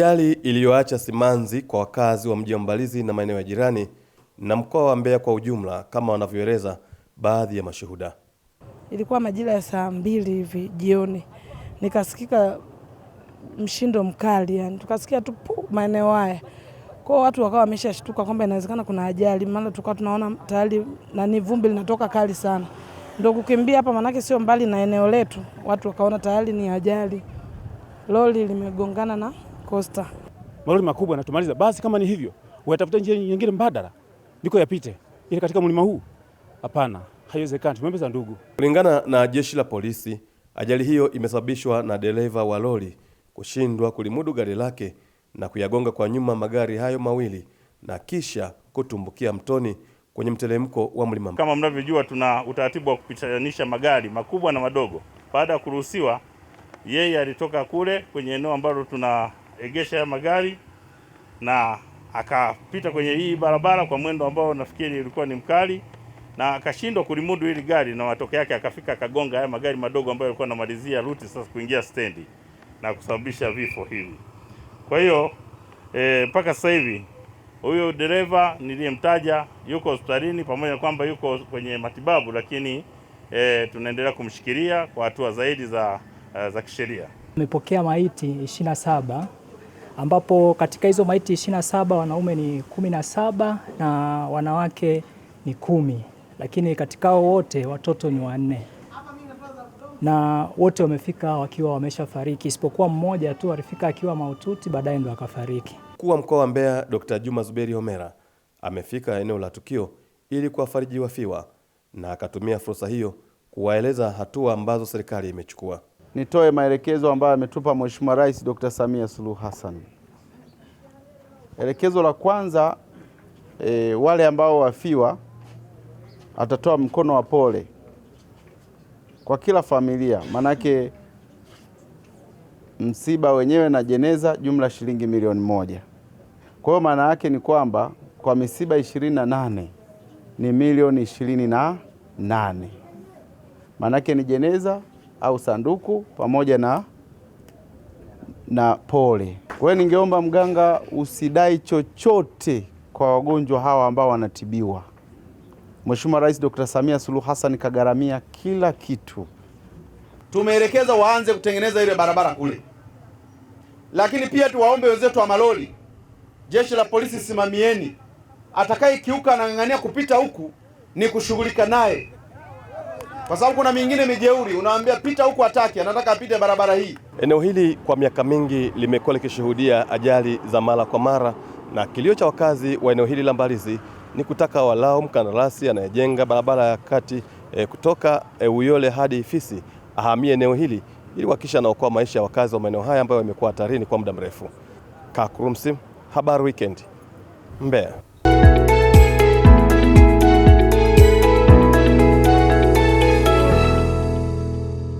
Ajali iliyoacha simanzi kwa wakazi wa mji wa Mbalizi na maeneo ya jirani na mkoa wa Mbeya kwa ujumla, kama wanavyoeleza baadhi ya mashuhuda. Ilikuwa majira ya saa mbili hivi jioni, nikasikika mshindo mkali, yani tukasikia tu maeneo haya kwao, watu wakawa wameshashtuka kwamba inawezekana kuna ajali, maana tukawa tunaona tayari nani vumbi linatoka kali sana, ndio kukimbia hapa, manake sio mbali na eneo letu. Watu wakaona tayari ni ajali, lori limegongana na kosta. Malori makubwa yanatumaliza. Basi kama ni hivyo, watafuta njia nyingine mbadala ndiko yapite, ili katika mlima huu hapana, haiwezekani. Tumepeza ndugu. Kulingana na jeshi la polisi, ajali hiyo imesababishwa na dereva wa lori kushindwa kulimudu gari lake na kuyagonga kwa nyuma magari hayo mawili na kisha kutumbukia mtoni kwenye mteremko wa mlima. Kama mnavyojua, tuna utaratibu wa kupitanisha magari makubwa na madogo. Baada ya kuruhusiwa, yeye alitoka kule kwenye eneo ambalo tuna egesha ya magari na akapita kwenye hii barabara kwa mwendo ambao nafikiri ilikuwa ni mkali na akashindwa kulimudu hili gari, na matokeo yake akafika akagonga haya magari madogo ambayo yalikuwa namalizia ruti sasa kuingia stendi na kusababisha vifo hivi. Kwa hiyo e, mpaka e, sasa hivi huyu dereva niliyemtaja yuko hospitalini, pamoja na kwamba yuko kwenye matibabu, lakini e, tunaendelea kumshikilia kwa hatua zaidi za, e, za kisheria. Tumepokea maiti 27 ambapo katika hizo maiti 27 wanaume ni kumi na saba na wanawake ni kumi, lakini katika hao wote watoto ni wanne na wote wamefika wakiwa wameshafariki isipokuwa mmoja tu alifika akiwa mahututi, baadaye ndo akafariki. Mkuu wa mkoa wa Mbeya Dr. Juma Zuberi Homera amefika eneo la tukio ili kuwafariji wafiwa na akatumia fursa hiyo kuwaeleza hatua ambazo serikali imechukua nitoe maelekezo ambayo ametupa Mheshimiwa Rais Dr. Samia Suluhu Hassan. Elekezo la kwanza e, wale ambao wafiwa atatoa mkono wa pole kwa kila familia, manake msiba wenyewe na jeneza jumla shilingi milioni moja. Kwa hiyo maana yake ni kwamba kwa misiba ishirini na nane ni milioni ishirini na nane, maanake ni jeneza au sanduku pamoja na, na pole. Kwa hiyo ningeomba mganga usidai chochote kwa wagonjwa hawa ambao wanatibiwa. Mheshimiwa Rais Dr. Samia Suluhu Hassan kagharamia kila kitu. Tumeelekeza waanze kutengeneza ile barabara kule, lakini pia tuwaombe wenzetu wa malori, jeshi la polisi, simamieni atakayekiuka anang'ang'ania kupita huku, ni kushughulika naye kwa sababu kuna mingine mijeuri, unaambia pita huku, hataki, anataka apite barabara hii. Eneo hili kwa miaka mingi limekuwa likishuhudia ajali za mara kwa mara, na kilio cha wakazi wa eneo hili la Mbalizi ni kutaka walau mkandarasi anayejenga barabara ya kati e, kutoka e, Uyole hadi Ifisi ahamie eneo hili ili kuhakikisha anaokoa maisha ya wakazi wa maeneo haya ambayo yamekuwa hatarini kwa muda mrefu. Kakurumsi, Habari Weekend, Mbeya.